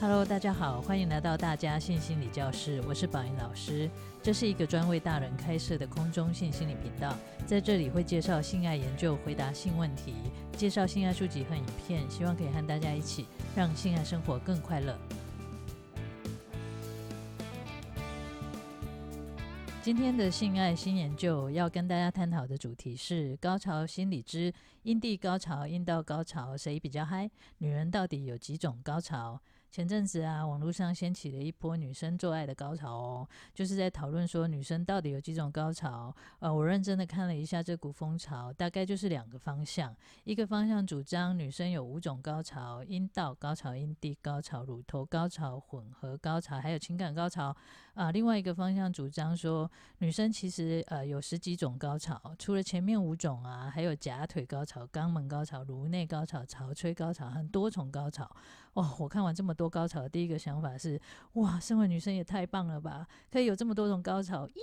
Hello，大家好，歡迎來到大家性心理教室，我是寶瑩老師。這是一個專為大人開設的空中性心理頻道，在這裡會介紹性愛研究、回答性問題、介紹性愛書籍和影片，希望可以和大家一起讓性愛生活更快樂。今天的性愛心研究要跟大家探討的主題是高潮心理之陰蒂高潮、陰道高潮，誰比較嗨？女人到底有幾種高潮？前陣子啊，網絡上掀起了一波女生做愛的高潮哦，就是在討論說女生到底有幾種高潮。呃，我認真地看了一下這股風潮，大概就是兩個方向。一個方向主張女生有五種高潮：陰道高潮、陰蒂高潮、乳頭高潮、混合高潮，還有情感高潮。啊，另外一個方向主張說，女生其實呃有十幾種高潮，除了前面五種啊，還有夾腿高潮、肛門高潮、顱內高潮、潮吹高潮，很多種高潮。哇，我看完這麼多高潮，第一個想法是，哇，身為女生也太棒了吧，可以有這麼多種高潮，耶、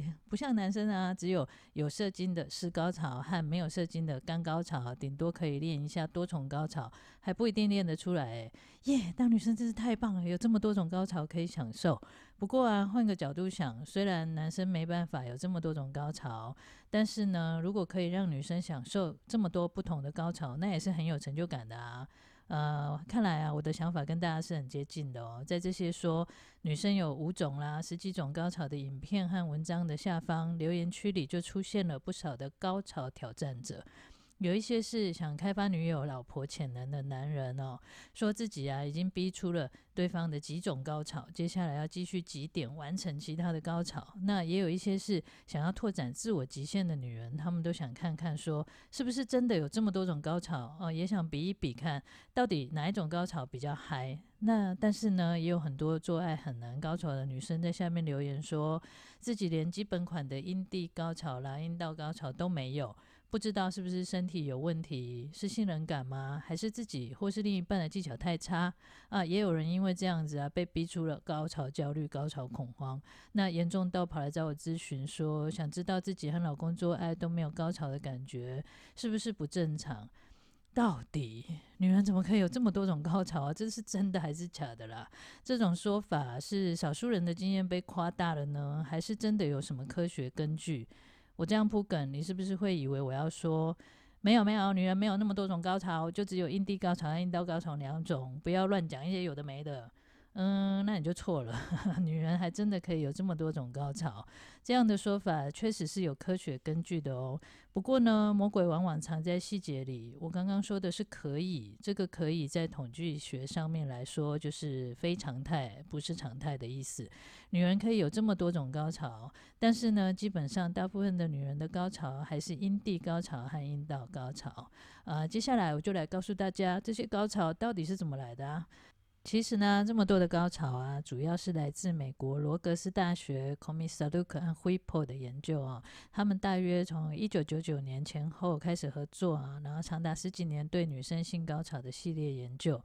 yeah！不像男生啊，只有有射精的是高潮和沒有射精的乾高潮，頂多可以練一下多重高潮，還不一定練得出來，耶！Yeah, 當女生真是太棒了，有這麼多種高潮可以享受。不過啊，換個角度想，雖然男生沒辦法有這麼多種高潮，但是呢，如果可以讓女生享受這麼多不同的高潮，那也是很有成就感的啊。呃，看來啊，我的想法跟大家是很接近的哦。在這些說女生有五種啦、十幾種高潮的影片和文章的下方留言區裡，就出現了不少的高潮挑戰者。有一些是想開發女友、老婆潛能的男人哦，說自己啊已經逼出了對方的幾種高潮，接下來要繼續幾點完成其他的高潮。那也有一些是想要拓展自我極限的女人，她們都想看看說是不是真的有這麼多種高潮哦，也想比一比看到底哪一種高潮比較嗨。那但是呢，也有很多做愛很難高潮的女生在下面留言說，說自己連基本款的陰蒂高潮啦、陰道高潮都沒有。不知道是不是身體有問題，是性冷感嗎？還是自己或是另一半的技巧太差啊？也有人因為這樣子啊，被逼出了高潮焦慮、高潮恐慌。那嚴重到跑來找我諮詢說，說想知道自己和老公做愛都沒有高潮的感覺，是不是不正常？到底女人怎麼可以有這麼多種高潮啊？這是真的還是假的啦？這種說法是少數人的經驗被誇大了呢，還是真的有什麼科學根據？我這樣鋪梗，你是不是會以為我要說？沒有沒有，女人沒有那麼多種高潮，就只有陰蒂高潮和陰道高潮兩種，不要亂講一些有的沒的。嗯，那你就錯了。女人還真的可以有這麼多種高潮，這樣的說法確實是有科學根據的哦。不過呢，魔鬼往往藏在細節裡。我剛剛說的是可以，這個可以在統計學上面來說就是非常態，不是常態的意思。女人可以有這麼多種高潮，但是呢，基本上大部分的女人的高潮還是陰蒂高潮和陰道高潮。呃，接下來我就來告訴大家，這些高潮到底是怎麼來的啊。其實呢，這麼多的高潮啊，主要是來自美國羅格斯大學 Komisaruk 和 Whipple 的研究啊，他們大約從一九九九年前後開始合作啊，然後長達十幾年對女生性高潮的系列研究。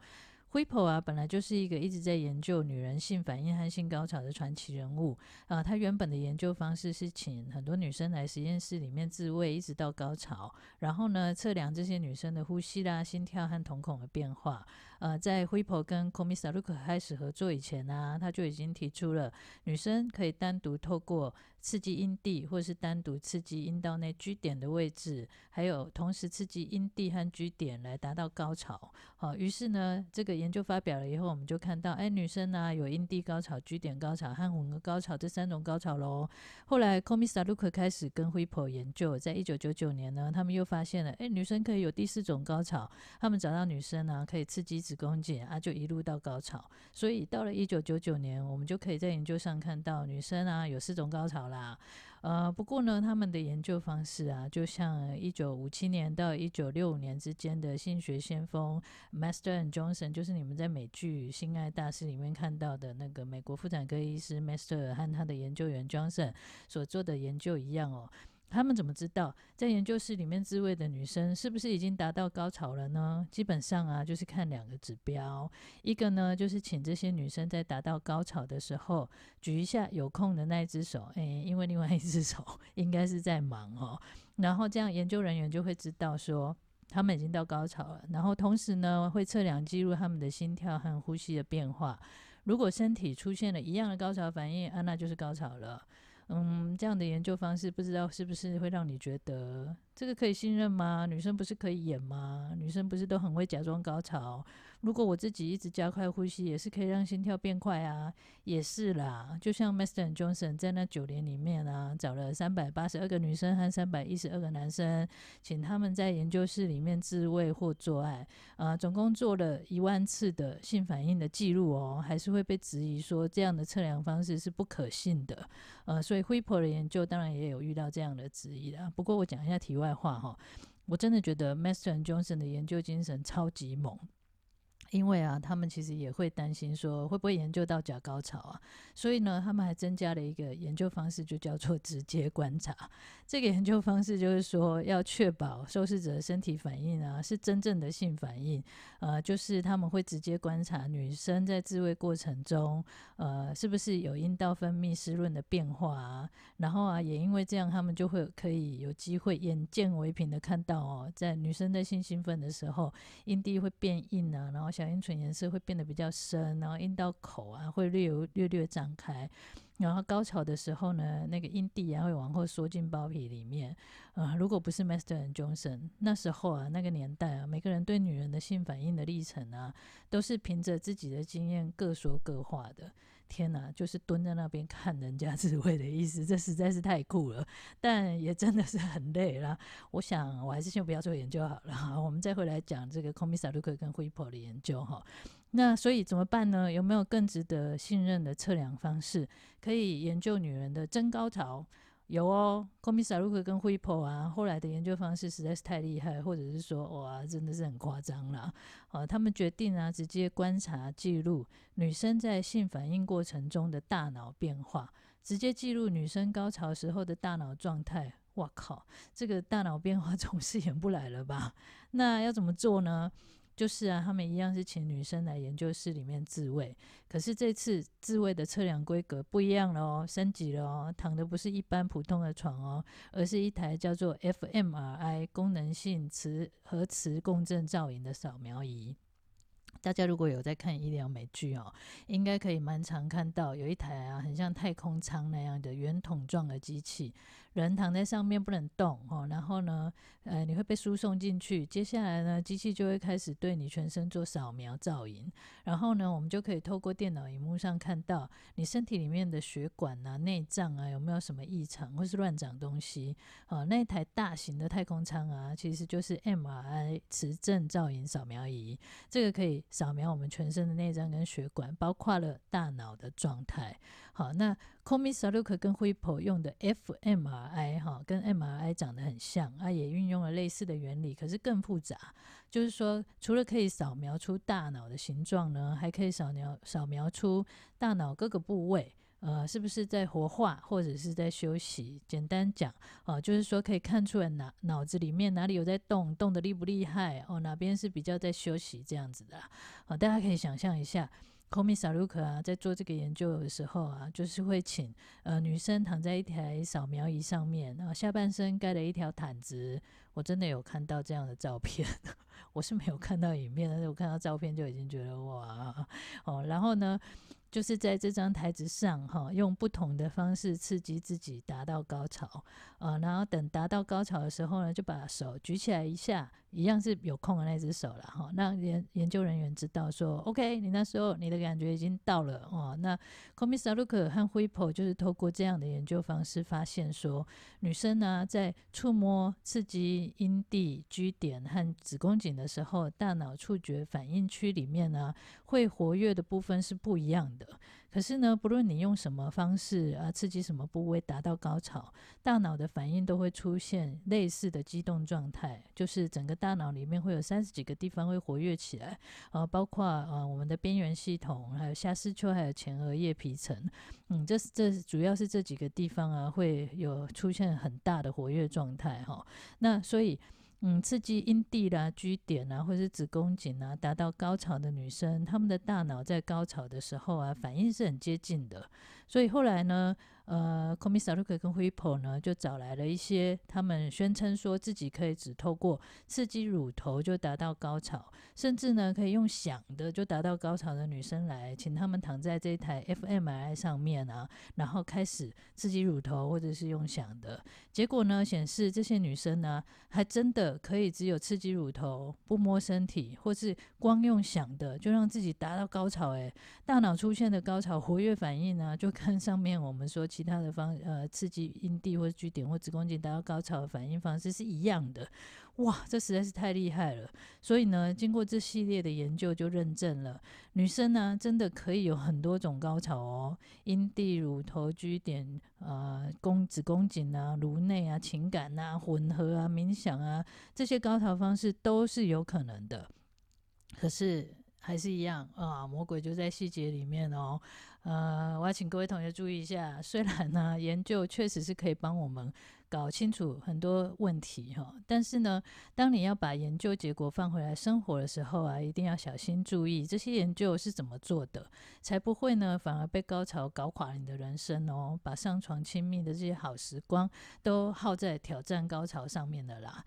Whipple 啊，本來就是一個一直在研究女人性反應和性高潮的傳奇人物啊。他原本的研究方式是請很多女生來實驗室裡面自慰，一直到高潮，然後呢，測量這些女生的呼吸啦、啊、心跳和瞳孔的變化。呃，在灰婆跟 Komi Saru 開始合作以前呢、啊，他就已經提出了女生可以單獨透過刺激陰蒂，或是單獨刺激陰道內 G 點的位置，還有同時刺激陰蒂和 G 點來達到高潮。好、啊，於是呢，這個研究發表了以後，我們就看到，哎，女生呢、啊、有陰蒂高潮、G 點高潮和混合高潮這三種高潮嘍。後來 Komi Saru 開始跟灰婆研究，在一九九九年呢，他們又發現了，哎，女生可以有第四種高潮。他們找到女生呢、啊、可以刺激。子宮頸啊，就一路到高潮，所以到了一九九九年，我們就可以在研究上看到女生啊有四種高潮啦。呃，不過呢，他們的研究方式啊，就像一九五七年到一九六五年之間的性學先鋒 Master and Johnson，就是你們在美劇《性愛大師》裡面看到的那個美國婦產科醫師 Master 和他的研究員 Johnson 所做的研究一樣哦。他們怎麼知道在研究室裡面自慰的女生是不是已經達到高潮了呢？基本上啊，就是看兩個指標，一個呢就是請這些女生在達到高潮的時候舉一下有空的那一只手，誒，因為另外一只手應該是在忙哦。然後這樣研究人員就會知道說他們已經到高潮了。然後同時呢會測量記錄他們的心跳和呼吸的變化。如果身體出現了一樣的高潮反應，啊，那就是高潮了。嗯，這樣的研究方式，不知道是不是會讓你覺得這個可以信任嗎？女生不是可以演嗎？女生不是都很會假裝高潮？如果我自己一直加快呼吸，也是可以讓心跳變快啊，也是啦。就像 Master Johnson 在那九年裡面啊，找了三百八十二個女生和三百一十二個男生，請他們在研究室裡面自慰或做愛，啊、呃，總共做了一萬次的性反應的記錄哦，還是會被質疑說這樣的測量方式是不可信的。呃，所以惠普的研究當然也有遇到這樣的質疑啦。不過我講一下題外話哈，我真的覺得 Master Johnson 的研究精神超級猛。因為啊，他們其實也會擔心說會不會研究到假高潮啊，所以呢，他們還增加了一個研究方式，就叫做直接觀察。這個研究方式就是說要確保受試者的身體反應啊是真正的性反應，呃，就是他們會直接觀察女生在自慰過程中，呃，是不是有陰道分泌濕潤的變化啊，然後啊，也因為這樣，他們就會可以有機會眼見為憑的看到哦，在女生的性興奮的時候，陰蒂會變硬啊，然後。小陰唇顏色會變得比較深，然後陰道口啊會略有略略張開，然後高潮的時候呢，那個陰蒂啊會往後縮進包皮裡面。啊、呃，如果不是 Master and Johnson 那時候啊，那個年代啊，每個人對女人的性反應的歷程啊，都是憑着自己的經驗各說各話的。天吶，就是蹲在那邊看人家自慰的意思，這實在是太酷了，但也真的是很累啦。我想，我還是先不要做研究好了。好，我們再回來講這個 Komisaruk 跟 Whipple 的研究哈。那所以怎麼辦呢？有沒有更值得信任的測量方式，可以研究女人的真高潮？有哦，Komisaruk 跟 Whipple 啊，後來的研究方式實在是太厲害，或者是說，哇，真的是很誇張啦。啊！他們決定啊，直接觀察記錄女生在性反應過程中的大腦變化，直接記錄女生高潮時候的大腦狀態。哇靠，這個大腦變化總是演不來了吧？那要怎麼做呢？就是啊，他們一樣是請女生來研究室裡面自慰，可是這次自慰的測量規格不一樣了哦，升級了哦，躺的不是一般普通的床哦，而是一台叫做 FMRI 功能性磁核磁共振造影的掃描儀。大家如果有在看醫療美劇哦，應該可以蠻常看到有一台啊，很像太空艙那樣的圓筒狀的機器。人躺在上面不能動哦，然後呢，呃、哎，你會被輸送進去。接下來呢，機器就會開始對你全身做掃描造影。然後呢，我們就可以透過電腦熒幕上看到你身體裡面的血管啊、內臟啊，有沒有什麼異常或是亂長東西。哦、啊，那一台大型的太空艙啊，其實就是 MRI 磁振造影掃描儀，這個可以掃描我們全身的內臟跟血管，包括了大腦的狀態。好，那 Komisaruk 跟 Whipple 用的 fMRI 哈、哦，跟 MRI 長得很像，它、啊、也運用了類似的原理，可是更複雜。就是說，除了可以掃描出大腦的形狀呢，還可以掃描掃描出大腦各個部位，呃，是不是在活化或者是在休息？簡單講，哦，就是說可以看出來哪腦子裡面哪裡有在動，動得厲不厲害？哦，哪邊是比較在休息這樣子的、啊。哦，大家可以想象一下。Komisaruk 啊，在做這個研究的時候啊，就是會請呃女生躺在一台掃描儀上面，然後下半身蓋了一條毯子。我真的有看到這樣的照片，我是沒有看到影片，但是我看到照片就已經覺得哇哦！然後呢，就是在這張台子上哈、哦，用不同的方式刺激自己達到高潮，呃，然後等達到高潮的時候呢，就把手舉起來一下，一樣是有空的那隻手了哈、哦。那研研究人員知道說，OK，你那時候你的感覺已經到了哦。那 Komisaruk 和 Whipple 就是透過這樣的研究方式發現說，女生呢在觸摸刺激。陰蒂、G 點和子宮頸的時候，大腦觸覺反應區裡面呢、啊，會活躍的部分是不一樣的。可是呢，不論你用什麼方式啊，刺激什麼部位達到高潮，大腦的反應都會出現類似的激動狀態，就是整個大腦裡面會有三十幾個地方會活躍起來啊，包括啊我們的邊緣系統，還有下視丘，還有前額葉皮層，嗯，這是這主要是這幾個地方啊會有出現很大的活躍狀態哈。那所以。嗯，刺激陰蒂啦、G 點啊，或者是子宮頸啊，達到高潮的女生，她們的大腦在高潮的時候啊，反應是很接近的。所以後來呢，呃 Komisaruk 跟 Whipple 呢，就找來了一些他們宣稱說自己可以只透過刺激乳頭就達到高潮，甚至呢可以用想的就達到高潮的女生來，請她們躺在這台 fMRI 上面啊，然後開始刺激乳頭或者是用想的，結果呢顯示這些女生呢、啊，還真的可以只有刺激乳頭不摸身體，或是光用想的就讓自己達到高潮、欸，哎，大腦出現的高潮活躍反應呢、啊，就跟上面我們說。其他的方呃，刺激陰蒂或 G 點或子宮頸達到高潮的反應方式是一樣的，哇，這實在是太厲害了。所以呢，經過這系列的研究就認證了，女生呢、啊、真的可以有很多種高潮哦，陰蒂、乳頭、G 點、呃，宮、子宮頸啊、顱內啊、情感啊、混合啊、冥想啊，這些高潮方式都是有可能的。可是還是一樣啊，魔鬼就在細節裡面哦。呃，我要請各位同學注意一下，雖然呢，研究確實是可以幫我們搞清楚很多問題哈，但是呢，當你要把研究結果放回來生活的時候啊，一定要小心注意這些研究是怎麼做的，才不會呢反而被高潮搞垮你的人生哦，把上床親密的這些好時光都耗在挑戰高潮上面的啦。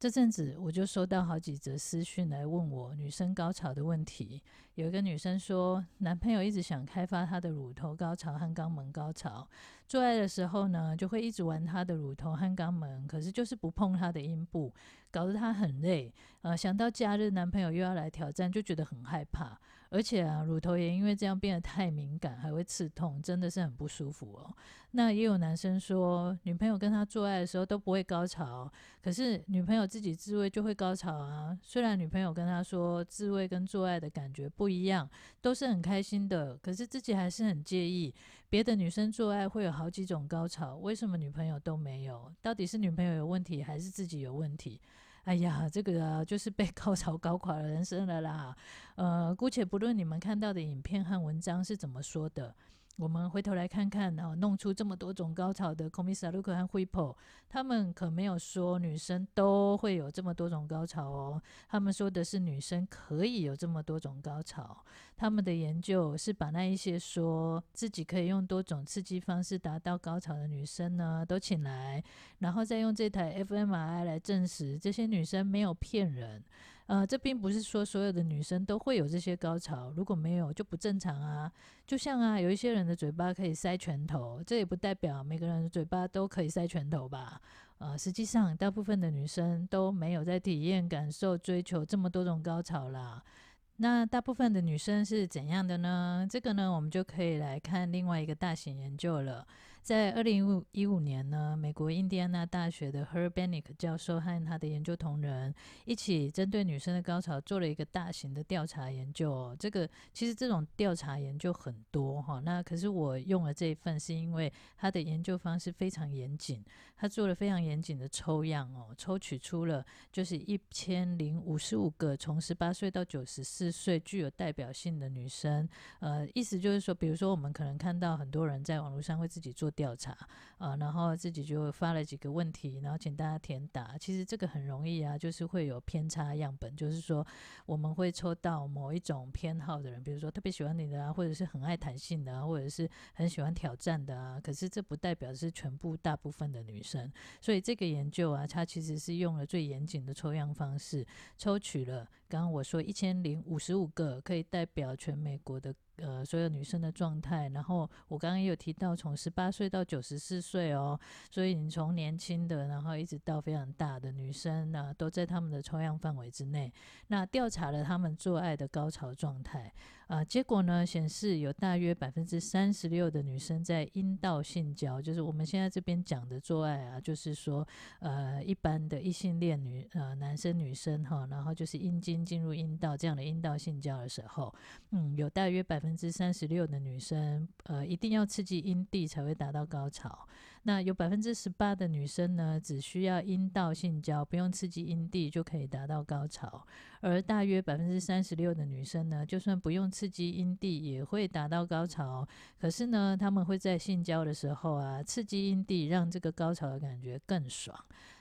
這陣子我就收到好幾則私訊來問我女生高潮的問題。有一個女生說，男朋友一直想開發她的乳頭高潮和肛門高潮，做愛的時候呢，就會一直玩她的乳頭和肛門，可是就是不碰她的陰部，搞得她很累。呃，想到假日男朋友又要來挑戰，就覺得很害怕。而且啊，乳頭也因為這樣變得太敏感，還會刺痛，真的是很不舒服哦。那也有男生說，女朋友跟他做愛的時候都不會高潮，可是女朋友自己自慰就會高潮啊。雖然女朋友跟他說，自慰跟做愛的感覺不。不一樣，都是很開心的，可是自己還是很介意。別的女生做愛會有好幾種高潮，為什麼女朋友都沒有？到底是女朋友有問題，還是自己有問題？哎呀，這個啊，就是被高潮搞垮了人生了啦。呃，姑且不論你們看到的影片和文章是怎麼說的。我們回頭來看看，哦，弄出這麼多種高潮的 Komisaruk 和 Whipple，他們可沒有說女生都會有這麼多種高潮哦，他們說的是女生可以有這麼多種高潮。他們的研究是把那一些說自己可以用多種刺激方式達到高潮的女生呢，都請來，然後再用這台 fMRI 來證實這些女生沒有騙人。呃，這並不是說所有的女生都會有這些高潮，如果沒有就不正常啊。就像啊，有一些人的嘴巴可以塞拳頭，這也不代表每個人的嘴巴都可以塞拳頭吧。呃，實際上大部分的女生都沒有在體驗、感受、追求這麼多種高潮啦。那大部分的女生是怎樣的呢？這個呢，我們就可以來看另外一個大型研究了。在二零一五年呢，美國印第安納大學的 Herbenick 教授和他的研究同仁一起，針對女生的高潮做了一個大型的調查研究。哦，這個其實這種調查研究很多哈、哦，那可是我用了這一份，是因為他的研究方式非常嚴謹，他做了非常嚴謹的抽樣哦，抽取出了就是一千零五十五個從十八歲到九十四歲具有代表性的女生。呃，意思就是說，比如說我們可能看到很多人在網絡上會自己做。調查啊，然後自己就發了幾個問題，然後請大家填答。其實這個很容易啊，就是會有偏差樣本，就是說我們會抽到某一種偏好的人，比如說特別喜歡你的啊，或者是很愛彈性的，啊，或者是很喜歡挑戰的啊。可是這不代表是全部、大部分的女生。所以這個研究啊，它其實是用了最嚴謹的抽樣方式，抽取了剛剛我說一千零五十五個可以代表全美國的。呃，所有女生的狀態，然後我剛剛也有提到從十八歲到九十四歲哦，所以你從年輕的，然後一直到非常大的女生呢，啊，都在他們的抽樣範圍之內。那調查了他們做愛的高潮狀態。啊，結果呢，顯示有大約百分之三十六的女生在陰道性交，就是我們現在這邊講的做愛啊，就是說，呃，一般的異性戀女呃男生女生哈，然後就是陰莖進入陰道這樣的陰道性交的時候，嗯，有大約百分之三十六的女生呃一定要刺激陰蒂才會達到高潮。那有百分之十八的女生呢，只需要陰道性交，不用刺激陰蒂就可以達到高潮；而大約百分之三十六的女生呢，就算不用刺激陰蒂也會達到高潮。可是呢，她們會在性交的時候啊，刺激陰蒂，讓這個高潮的感覺更爽。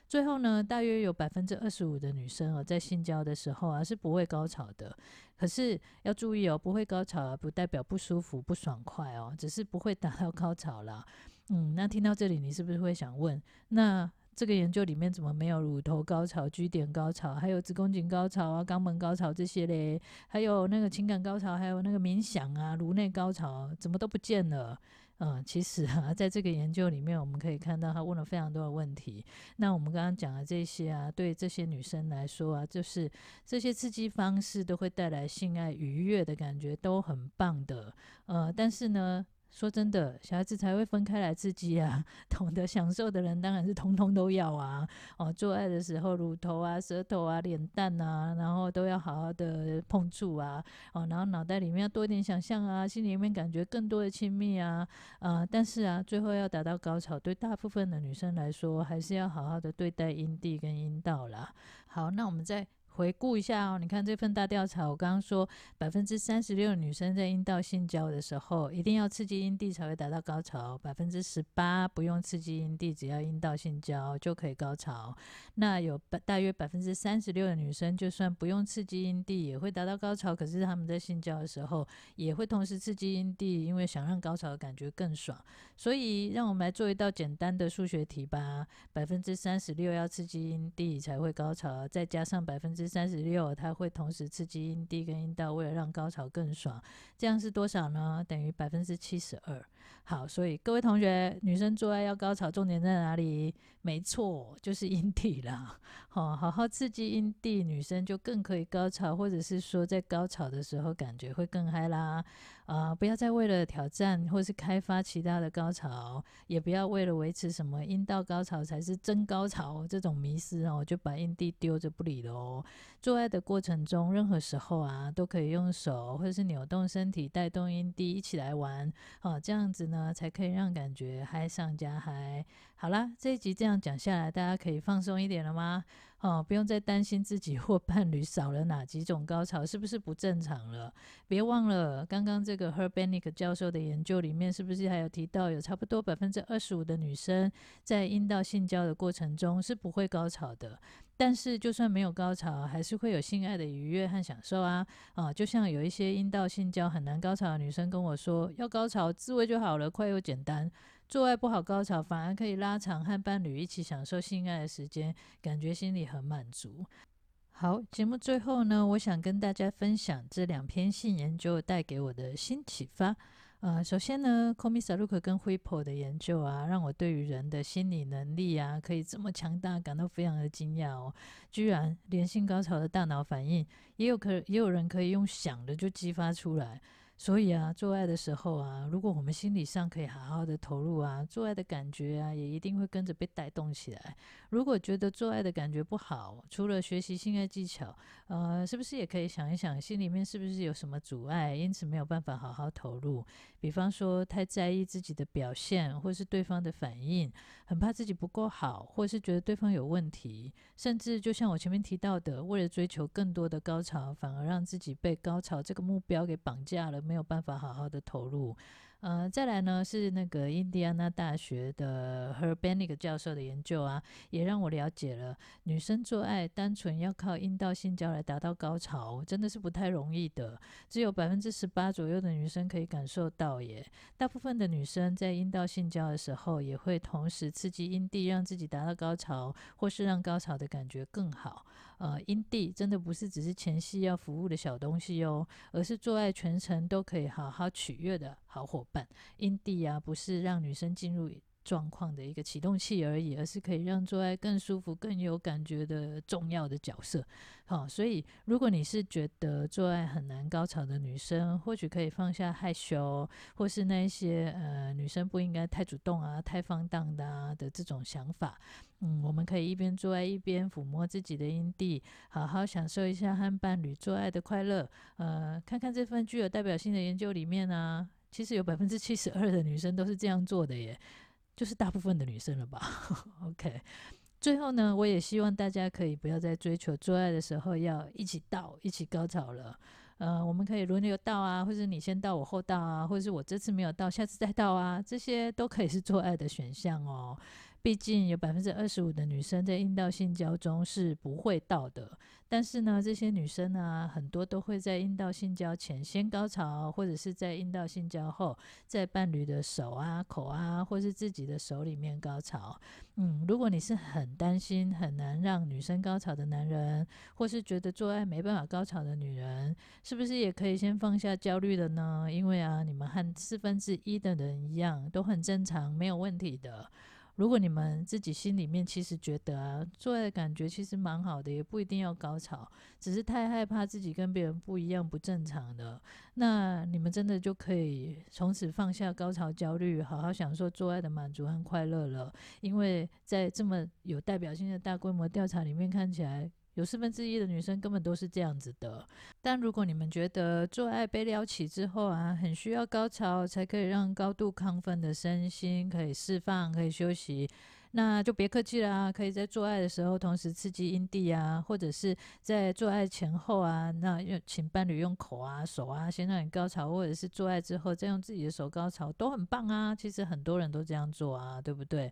最後呢，大約有百分之二十五的女生哦、啊，在性交的時候啊，是不會高潮的。可是要注意哦，不會高潮啊，不代表不舒服、不爽快哦，只是不會達到高潮啦。嗯，那聽到這裡，你是不是會想問，那這個研究裡面怎麼沒有乳頭高潮、G 點高潮，還有子宮頸高潮啊、肛門高潮這些嘞？還有那個情感高潮，還有那個冥想啊、顱內高潮，怎麼都不見了？嗯、呃，其實啊，在這個研究裡面，我們可以看到他問了非常多的問題。那我們剛剛講的這些啊，對這些女生來說啊，就是這些刺激方式都會帶來性愛愉悅的感覺，都很棒的。呃，但是呢。說真的，小孩子才會分開來自己啊。懂得享受的人，當然是通通都要啊。哦，做愛的時候，乳頭啊、舌頭啊、臉蛋啊，然後都要好好的碰觸啊。哦，然後腦袋裡面要多一點想象啊，心裡面感覺更多的親密啊。啊、呃，但是啊，最後要達到高潮，對大部分的女生來說，還是要好好的對待陰蒂跟陰道啦。好，那我們再。回顧一下哦，你看這份大調查，我剛剛說百分之三十六的女生在陰道性交的時候一定要刺激陰蒂才會達到高潮，百分之十八不用刺激陰蒂，只要陰道性交就可以高潮。那有百大約百分之三十六的女生就算不用刺激陰蒂也會達到高潮，可是她們在性交的時候也會同時刺激陰蒂，因為想讓高潮的感覺更爽。所以讓我們來做一道簡單的數學題吧，百分之三十六要刺激陰蒂才會高潮，再加上百分之。三十六，36，它會同時刺激陰蒂跟陰道，為了讓高潮更爽，這樣是多少呢？等於百分之七十二。好，所以各位同學，女生做愛要高潮，重點在哪裡？沒錯，就是陰蒂啦。好、哦，好好刺激陰蒂，女生就更可以高潮，或者是說在高潮的時候感覺會更嗨啦。啊、呃，不要再為了挑戰或是開發其他的高潮，也不要為了維持什麼陰道高潮才是真高潮這種迷思、哦，然後我就把陰蒂丟着不理嘍。做愛的過程中，任何時候啊，都可以用手或者是扭動身體帶動陰蒂一起來玩，好、啊，這樣子呢，才可以讓感覺嗨上加嗨。好啦，這一集這樣講下來，大家可以放鬆一點了嗎？哦，不用再擔心自己或伴侶少了哪幾種高潮，是不是不正常了？別忘了，剛剛這個 Herbenic 教授的研究裡面，是不是還有提到有差不多百分之二十五的女生在陰道性交的過程中是不會高潮的？但是就算沒有高潮，還是會有性愛的愉悅和享受啊！啊、哦，就像有一些陰道性交很難高潮的女生跟我說，要高潮自慰就好了，快又簡單。做愛不好高潮，反而可以拉長和伴侶一起享受性愛的時間，感覺心裡很滿足。好，節目最後呢，我想跟大家分享這兩篇性研究帶給我的新啟發。呃，首先呢，Komisaruk 跟 Whipple 的研究啊，讓我對於人的心理能力啊，可以這麼強大感到非常的驚訝哦。居然連性高潮的大腦反應，也有可也有人可以用想的就激發出來。所以啊，做愛的時候啊，如果我們心理上可以好好的投入啊，做愛的感覺啊，也一定會跟着被帶動起來。如果覺得做愛的感覺不好，除了學習性愛技巧，呃，是不是也可以想一想，心裡面是不是有什麼阻礙，因此沒有辦法好好投入？比方說，太在意自己的表現，或是對方的反應，很怕自己不夠好，或是覺得對方有問題，甚至就像我前面提到的，為了追求更多的高潮，反而讓自己被高潮這個目標給綁架了。沒有辦法好好的投入。呃，再來呢是那個印第安納大學的 Herbenick 教授的研究啊，也讓我了解了女生做愛單純要靠陰道性交來達到高潮，真的是不太容易的。只有百分之十八左右的女生可以感受到耶。大部分的女生在陰道性交的時候，也會同時刺激陰蒂，讓自己達到高潮，或是讓高潮的感覺更好。呃，陰蒂真的不是只是前戲要服務的小東西哦，而是做愛全程都可以好好取悅的。好夥伴陰蒂啊，不是讓女生進入狀況的一個啟動器而已，而是可以讓做愛更舒服、更有感覺的重要的角色。好、哦，所以如果你是覺得做愛很難高潮的女生，或許可以放下害羞，或是那些呃女生不應該太主動啊、太放蕩的、啊、的這種想法。嗯，我們可以一邊做愛一邊撫摸自己的陰蒂，好好享受一下和伴侶做愛的快樂。呃，看看這份具有代表性的研究裡面呢、啊。其實有百分之七十二的女生都是這樣做的耶，就是大部分的女生了吧 ？OK，最後呢，我也希望大家可以不要再追求做愛的時候要一起到，一起高潮了，呃，我們可以輪流到啊，或者你先到我後到啊，或者是我這次沒有到，下次再到啊，這些都可以是做愛的選項哦，喔。畢竟有百分之二十五的女生在陰道性交中是不會到的，但是呢，這些女生啊，很多都會在陰道性交前先高潮，或者是在陰道性交後，在伴侶的手啊、口啊，或是自己的手裡面高潮。嗯，如果你是很擔心，很難讓女生高潮的男人，或是覺得做愛沒辦法高潮的女人，是不是也可以先放下焦慮了呢？因為啊，你們和四分之一的人一樣，都很正常，沒有問題的。如果你們自己心裡面其實覺得啊，做愛的感覺其實蠻好的，也不一定要高潮，只是太害怕自己跟別人不一樣，不正常的，那你們真的就可以從此放下高潮焦慮，好好享受做愛的滿足和快樂了。因為在這麼有代表性的大規模調查裡面看起來，有四分之一的女生根本都是這樣子的，但如果你們覺得做愛被撩起之後啊，很需要高潮才可以讓高度亢奮的身心，可以釋放，可以休息。那就別客氣啦啊，可以在做愛的時候同時刺激陰蒂啊，或者是在做愛前後啊，那用請伴侶用口啊、手啊先讓你高潮，或者是做愛之後再用自己的手高潮，都很棒啊。其實很多人都這樣做啊，對不對？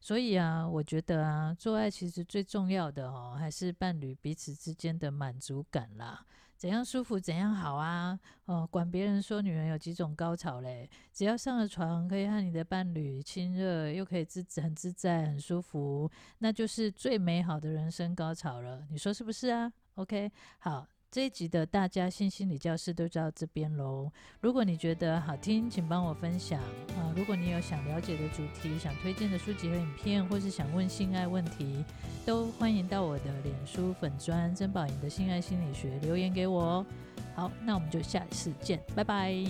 所以啊，我覺得啊，做愛其實最重要的哦，還是伴侶彼此之間的滿足感啦。怎樣舒服怎樣好啊？哦，管別人說女人有幾種高潮嘞？只要上了床，可以和你的伴侶親熱，又可以自很自在，很舒服，那就是最美好的人生高潮了。你說是不是啊？OK，好。這一集的大家性心理教室都就到這邊嘍。如果你覺得好聽，請幫我分享啊。呃，如果你有想了解的主題、想推薦的書籍和影片，或是想問性愛問題，都歡迎到我的臉書粉專“曾寶瑩的性愛心理學”留言給我哦。好，那我們就下次見，拜拜。